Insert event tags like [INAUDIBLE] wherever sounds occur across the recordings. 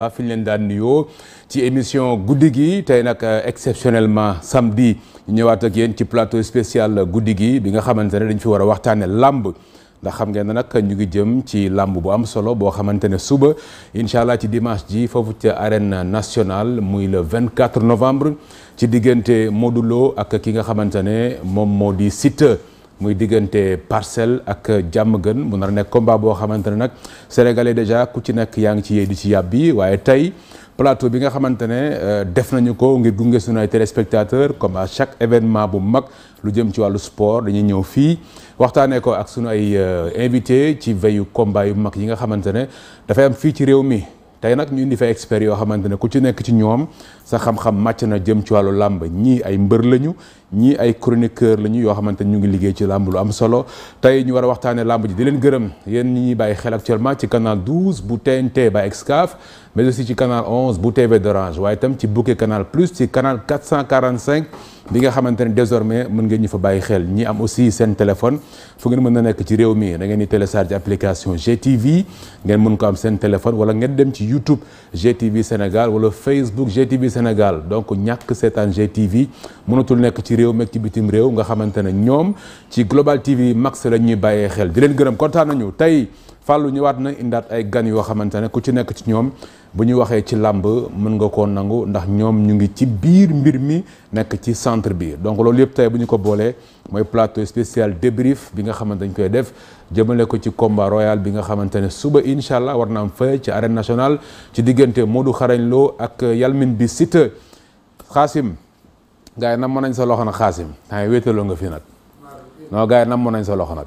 waaw ah, fi leen daan nuyoo ci émission guddi gi tey nag euh, exceptionnellement samedi ñëwaat ak yéen ci plateau spécial guddi gi bi nga xamante ne dañ fi war a waxtaane làmb ndax xam ngeen ne nag ñu ngi jëm ci làmb bu am solo boo xamante ne suba incha allah ci dimanche ji foofu ci arène nationale muy le 24 novembre ci diggante Modou Lo ak ki nga xamante ne moom moo di Siteu muy diggante parcelle ak jàmm gën mu nar a nekk combat boo xamante ne nag sénégalais déjà ku ci nekk yaa ngi ci yee di ci yàbbi waaye tey plateau bi nga xamante ne euh, def nañu ko ngir gunge suñu ay téléspectateurs comme à chaque événement bu mag lu jëm ci wàllu sport dañuy ñëw fii waxtaanee ko ak su sunu ay euh, invité ci veyu combat yu mag yi nga xamante ne dafay am fii ci réew mi. tey nag ñu indi fa experts yoo xamante ne ku ci nekk ci ñoom sa xam-xam màcc na jëm ci wàllu làmb ñii ay mbër lañu ñii ay chroniqueur lañu yoo xamante ne ñu ngi liggéey ci làmb lu am solo tey ñu war a waxtaanee làmb ji di leen gërëm yéen ñi ñuy bàyyi xel actuellement ci canal 12 bu TNT ba Excaf mais aussi ci canal 11 bu TV d'Orange waaye itam ci bouquet canal plus ci canal 445. bi nga désormais mën ngeen ñu fa xel ñi aussi un téléphone fu ngeen mën na ci réew mi da ngeen ni application GTV ngeen mën ko am téléphone wala ngeen dem ci YouTube GTV Sénégal wala Facebook GTV Sénégal donc ñak seetaan GTV mënatul nek ci réew ci bitim réew nga ci Global TV Max la xel di leen fàllu waat na indaat ay gan yoo xamante ne ku ci nekk ci ñoom bu ñu waxee ci làmb mën nga koo nangu ndax ñoom ñu ngi ci biir mbir mi nekk ci centre bi donc loolu yëpp tey bu ñu ko boolee mooy plateau spécial débrief bi nga xamante dañ koy def jëmale ko ci combat royal bi nga xamante ne suba incha allah war na am ci arène nationale ci diggante moo Modou Xarañ loo ak Yalmin bi Siteu Xaasim gars yi nam mën nañ sa loxo nag Xaasim temps wéetaloo nga fi nag non nam mën nañ sa loxo nag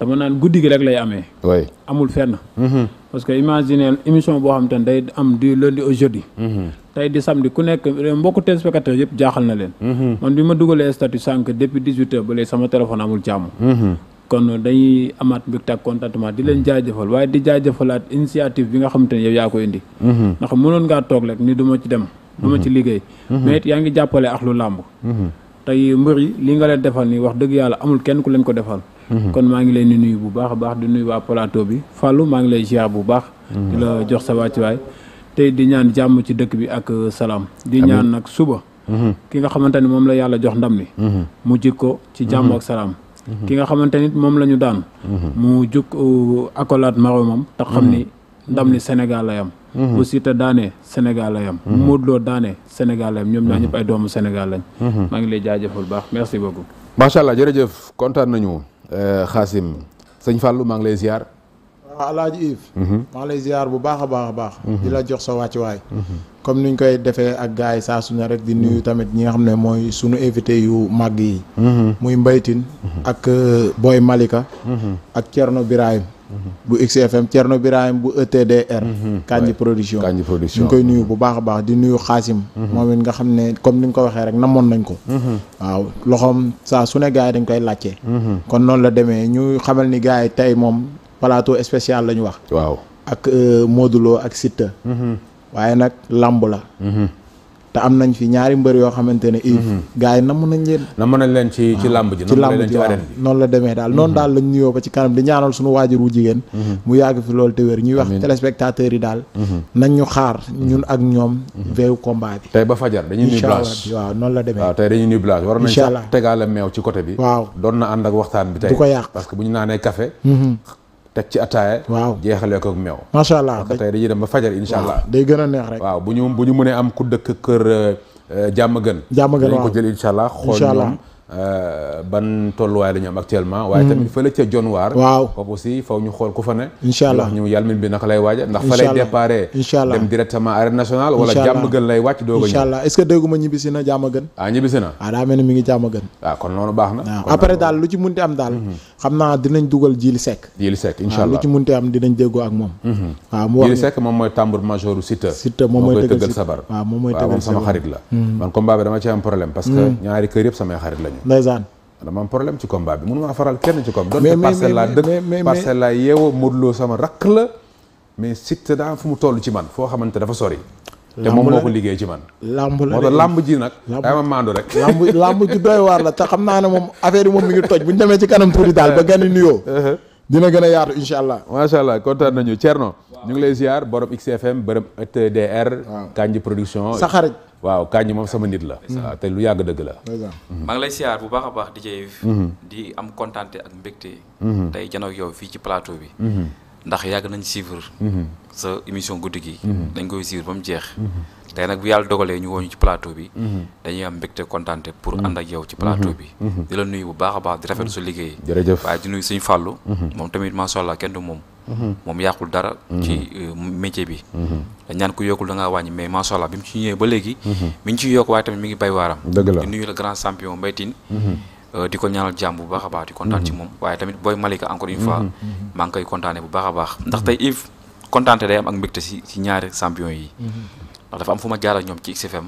dama naan guddi gi rek lay amee. oui amul fenn. Mhm. parce que imaginer émission boo xam te ne day am du lundi au jeudi. Mhm. tey di samedi ku nekk mbokku téléspectateurs yëpp jaaxal na leen. Mhm. man bi ma dugalee statut sànq depuis dix huit sama téléphone amul jàmm. kon dañuy amaat mbégte ak contentement di leen jaajëfal waaye di jaajëfalaat initiative bi nga xam te ne yow yaa ko indi. ndax mënoon ngaa toog rek ni du ma ci dem. du ci liggéey. mais yi nga leen defal nii Mhm. kon maa ngi leen di nuyu bu baax baax di nuyu waa plateau bi Fallou maa ngi lay ziar bu baax. Mhm. di la jox sa waay tey di ñaan jàmm ci dëkk bi ak euh, salaam. di ñaan nag suba. Mhm. ki nga xamante ni moom la yàlla jox ndam li. mu ko ci jàmm salaam. ki nga xamante ni moom la daan. mu jug euh, accolade moromam te xam ni ndam li Sénégal la yam. bu Siteu daanee Sénégal la yam. Modou daanee Sénégal ñoom ñaar ñëpp ay doomu Sénégal lañ. maa ngi lay jaajëfal baax merci beaucoup. macha allah jërëjëf kontaan nañu. Euh, Xaasim sëñ Fallou maa ngi lay ziar. waaw Alaaji Yves. Mhm. maa bu baax a baax a baax. Mhm. di la jox sa wàcc wàccuwaay. Mhm. comme ni niñ koy defee ak gars yi saa su ne rek di nuyu tamit ñi nga xam ne mooy sunu invité yu màgg yi. muy Mbaytin ak euh, Boy Malika. ak Thierno Birahim. bu XFM Thierno Birahim bu ETDR. Mhm. Kanji production Kanji production. ñu koy nuyu bu baax a baax di nuyu Xaasim. Mhm. moom it nga xam ne comme ni nga ko waxee rek namoon nañ ko. Mhm. waaw loxoom saa su ne gars yi dañ koy laajte. kon noonu la demee ñu xamal ni gars yi tey moom plateau spécial la ñu wax. waaw ak euh, Modou Lo ak Siteu. waaye nag lamb la. te am nañ fi ñaari mbër yoo xamante ne i mhm. gars yi namm nañ leen namm nañ ci ah. làmb ji noonu la demee daal mhm. noonu daal lañ nuyoo ba ci kanam di ñaanal suñu waajur wu jigéen mhm. mu yàgg fi loolu te wér ñuy wax téléspectateurs yi daal nañ ñu xaar ñun ak ñoom veewu combat bi tey ba fajar dañuy nuyu blage waaw noonu la demee waaw tey dañuy nuyu blage war nañ sax tegaale meew ci côté bi waaw doon na ànd ak waxtaan bi tey du ko yàq que bu ñu naanee café tek ci ataya waaw jeexale ko ak mew ma sha Allah ak ataya dañuy dem ba fajar insha Allah day gëna neex rek waaw buñu buñu mëne am ku dëkk kër eh, jamm gën jamm ko jël insha Allah xol ñoom Euh, ban tolluwaay la ñu am actuellement. waaye tamit hmm. fële ca John Waar. waaw foofu aussi faw xool ku a incha allah est ce que dégguma ñibbisi na jàmm gën. ah ñibbisi na. ah, ah na. waaw après daal lu ci munti am daal. Hmm. xam naa dinañ dugal Jili Seck. Jili Seck incha allah lu ci munti moom. Hmm. waaw mu wax moom mooy tambour major Siteu. moom mooy tëggal sabar waaw moom sama xarit la man combat bi dama ci am problème parce que ñaari kër yëpp samay xarit lañu ndeysaan dama am problème ci combat bi mënu maa faral kenn ci combat donte parcelle laa dëkk parcelle laa yeewa Modou Lo sama rakk la mais Siteu daa fu mu toll ci man foo xamante dafa sori te moom moo ko liggéey ci man lamb la moo tax lamb ji nag daa ma maandu rek lamb ji doy waar la te xam naa ne moom affaire yi moom mi toj bu ñu demee ci kanam tuuti daal ba [LAUGHS] gën a nuyoo uh-huh. dina gën a yaatu incha allah macha allah kontaan nañu Thierno ñu ngi lay ziar borom XFM borom ETDR. Kanji production sa xarit. waaw Kanji moom sama nit la. Mm-hmm. waaw te lu yàgg dëgg la. Mm-hmm. maa ngi lay ziar bu baax a baax di Yves. Mm-hmm. di am kontante ak mbégte. tey janook yow fii ci plateau bi. ndax yàgg nañ suivre. sa émission guddi gi. dañ koy suivre ba mu jeex. tey nag bu yàlla dogalee ñu woo ci plateau bi. dañuy am mbégte kontante pour ànd ak yow ci plateau bi. di la nuyu bu baax a baax di rafet sa liggéey. jërëjëf waaye di nuyu suñu fàllu. moom tamit ma allah kenn du moom. moom yàqul dara. ci euh, métier bi. dañ mm-hmm. naan ku yokkul da ngaa wàññi mais ma allah bi mu ci ñëwee ba léegi. Mm-hmm. mi ngi ciy yokk waaye tamit mi ngi bay waaram. dëgg la di nuyu la grand champion Mbaye Tine. Mm-hmm. Euh, di ko ñaanal jàmm bu baax a baax di kontaan ci moom waaye tamit booy Malika encore une fois. maa ngi koy kontaanee bu baax a baax ndax tey Yves kontaante day am ak mbégte si si ñaari champion yi. ndax dafa am fu ma jaar ak ñoom ci XFM.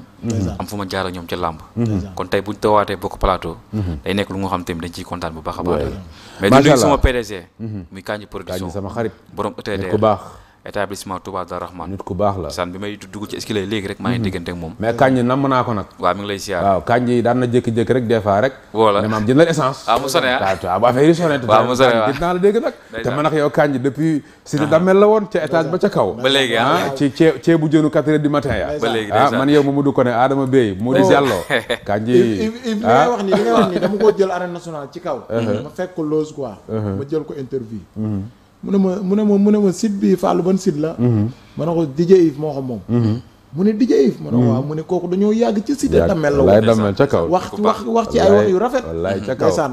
am fu ma jaar ñoom ci làmb. kon tey buñ tawaatee bokk plateau. Mhm. day nekk lu nga xam tamit dañ ciy kontaan bu baax a baax. mais du nuyu sama PDG. Mhm. muy Kandji production Kandji borom ETDR établissement Touba Darou Rahman nit ku baax la san bi may dugg ci escalier léegi rek maa ngi mhm. déggante ak moom mais kanji nam naa ko nag waaw mi ngi lay siyaar na rek des rek ne maam jëndal ah, ah. la dégg nag te man yow kanji depuis ah. cité dammel la woon ca étage ba ca kaw ba léegi ah ci cee cee bu jënu quatre heures du matin ya ba léegi ah man yow Mamadou Koné Adama Bey mu di oh. Diallo [LAUGHS] kanji li ngay wax ni li ngay dama ko jël arène nationale ci kaw uh-huh. ma fekk ko loge quoi uh-huh. ma jël ko interview uh-huh. mu ne ma mu ne ma mu ne ma site bi Fallou ban la. Mhm. ma ne ko DJ Yves moo xam moom. Mhm. mu ne DJ Yves. ma ne mhm. mu ne kooku dañoo yàgg ci site. yàgg damel la wax wax wax ci ay wax yu rafet. wallaay ca kaw ndeysaan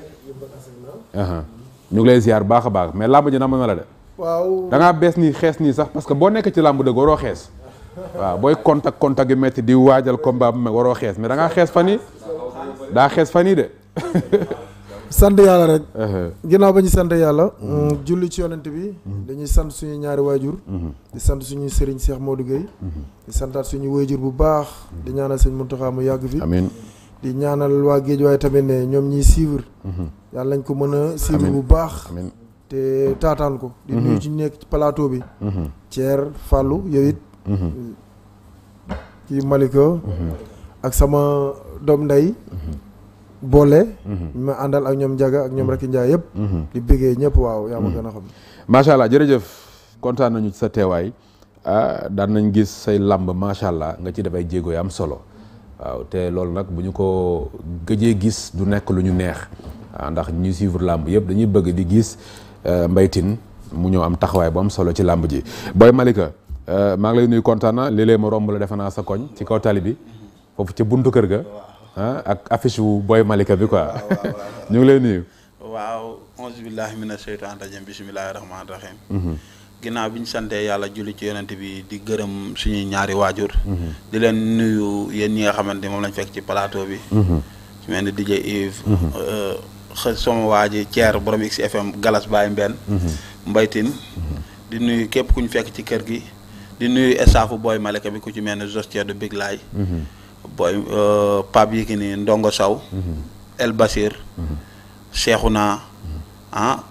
Uh-huh. ñu ngi lay ziar baax a baax mais làmb ji na ma la de. waaw da ngaa bees nii xees nii sax parce que boo nekk ci làmb dëgg waroo xees. waaw booy contact contact yu métti di waajal ko mbaam ma waroo xees mais dangaa xees fa yii daa xees fan yii de. [LAUGHS] sant yàlla rek. Uh-huh. ginnaaw ba ñu sant yàlla. Mm, julli ci yonent bi. dañuy sant suñu ñaari waajur. Uh-huh. di sant suñu Serigne Cheikh Modou Gueye. di santaat suñu waajur bu baax. di ñaanal sëñ Mountakha mu yàgg fi. amiin di ñaanal waa géej waaye tamit ne ñoom ñiy suivre. Mhm. yàlla nañ ko mën a suivre bu baax. te taataan ko. di nuyu mhm. ci nekk ci plateau bi. Mhm. Thier Fallou yow ci Malika. ak sama doom ndey. boole. ma àndal ak ñoom Ndiaga ak ñoom Racky Ndiaye yëpp. di bëggee ñëpp waaw yaa ma gën a xam. macha allah jërëjëf kontaan nañu ci sa teewaay ah, daan nañ gis say làmb macha allah nga ci def ay am solo. waaw te loolu nag bu ñu ko gëjee gis du nekk lu ñu neex ah, ndax ñuy suivre làmb yëpp dañuy bëgg di gis euh, Mbaye tin mu ñëw am taxawaay bu am solo ci làmb ji Boy Malika euh, maa ngi lay nuyu kontaan na léeg-léeg ma romb la defe sa koñ ci kaw tali bi foofu ci buntu kër ga ah, ak affiche wu Boy Malika bi quoi ah, [LAUGHS] ñu ngi lay nuyu waaw auzu billahi mina sheytan rajim bismillahi rahmani rahim mhm. ginnaaw bi ñu santee yàlla julli ci yonent bi di gërëm suñuy ñaari waajur di leen nuyu yéen ñi nga xamante moom lañ fekk ci palato bi su mel ni DJ Yves xë sama waa ji Thier borom XFM Galas Baye Mbenn mbaytin di nuyu képp ku ñu fekk ci kër gi di nuyu estaafu booy Malika bi ku ci mel ni Zostier de Big Laay booy euh, Pape Yekini Ndongo Saw El Basir Cheikhouna ah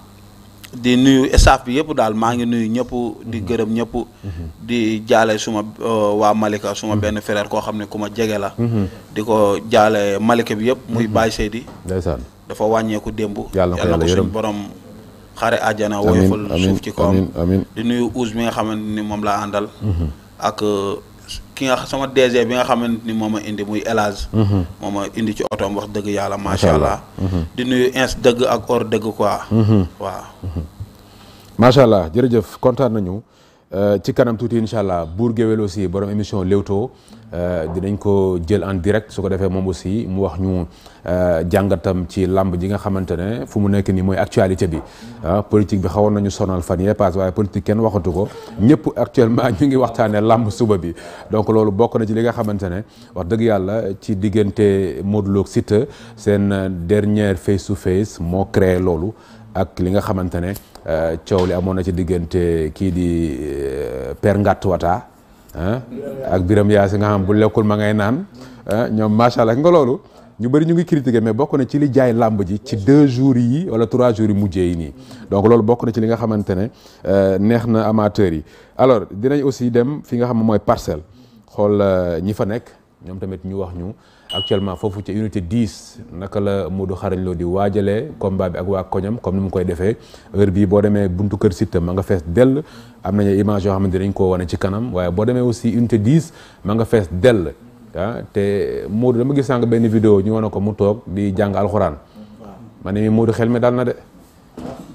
di nuyu staff bi yëpp daal maa ngi nuyu ñëpp di mhm. gërëm ñëpp mhm. di jaale suma euh, waa Malika suma mhm. benn frère koo xam ne ku ma jege la di ko jaale Malika bi yëpp muy Baye Seydi ndeysaan dafa wàññeeku démb yàlla na ko suñ borom xare ajana woyofal suuf ci kawam di nuyu Ouz mi nga xamante ni moom laa àndal ak euh, ki nga sama DG bi nga xamante ni moo ma indi muy élage mhm. moo indi ci otoom wax dëgg yàlla macha allah. Mhm. di nuyu ins dëgg ak or dëgg quoi. Mhm. waaw. macha allah jërëjëf kontaan nañu. Euh, ci kanam tuuti incha allah buur géwél aussi borom émission Leewtoo euh, dinañ ko jël en direct su ko defee moom aussi mu wax ñu euh, jàngatam ci làmb ji nga xamante ne fu mu nekk nii mooy actualité bi ah, politique bi xawoon nañu sonal fan yee passe waaye politique kenn waxatu ko ñëpp actuellement [LAUGHS] ñu ngi waxtaanee làmb suba bi donc loolu bokk na ci li nga xamante ne wax dëgg yàlla ci diggante Modou Lo seen dernière face to face moo créer loolu ak li nga xamantene euh, ciow li amona ci digeunte ki di euh, père ngat wata hein ak biram yaasi nga xam bu lekul ma ngay nan ñom machallah nga lolu ñu bari ñu ngi critiquer mais bokku na ci li jaay lamb ji ci 2 jours yi wala 3 jours yi mujjé yi ni donc lolu bokku na ci li nga xamantene euh amateur yi alors dinañ aussi dem fi nga xam moy parcel xol euh, ñi fa nek ñom tamit ñu wax ñu actuellement foofu ci unité diis naka la Modou Xarañ Lo di waajalee combat bi ak waa koñam comme ni mu koy defee heure bii boo demee buntu kër Siteu ma nga fees dell am nañu image yoo xamante dañ koo wane ci kanam waaye boo demee aussi unité 10 ma nga fees dell ah te Modou dama gis sànq benn vidéo ñu wane ko mu toog di jàng alxuraan ma ne Modou xel mi daal na de.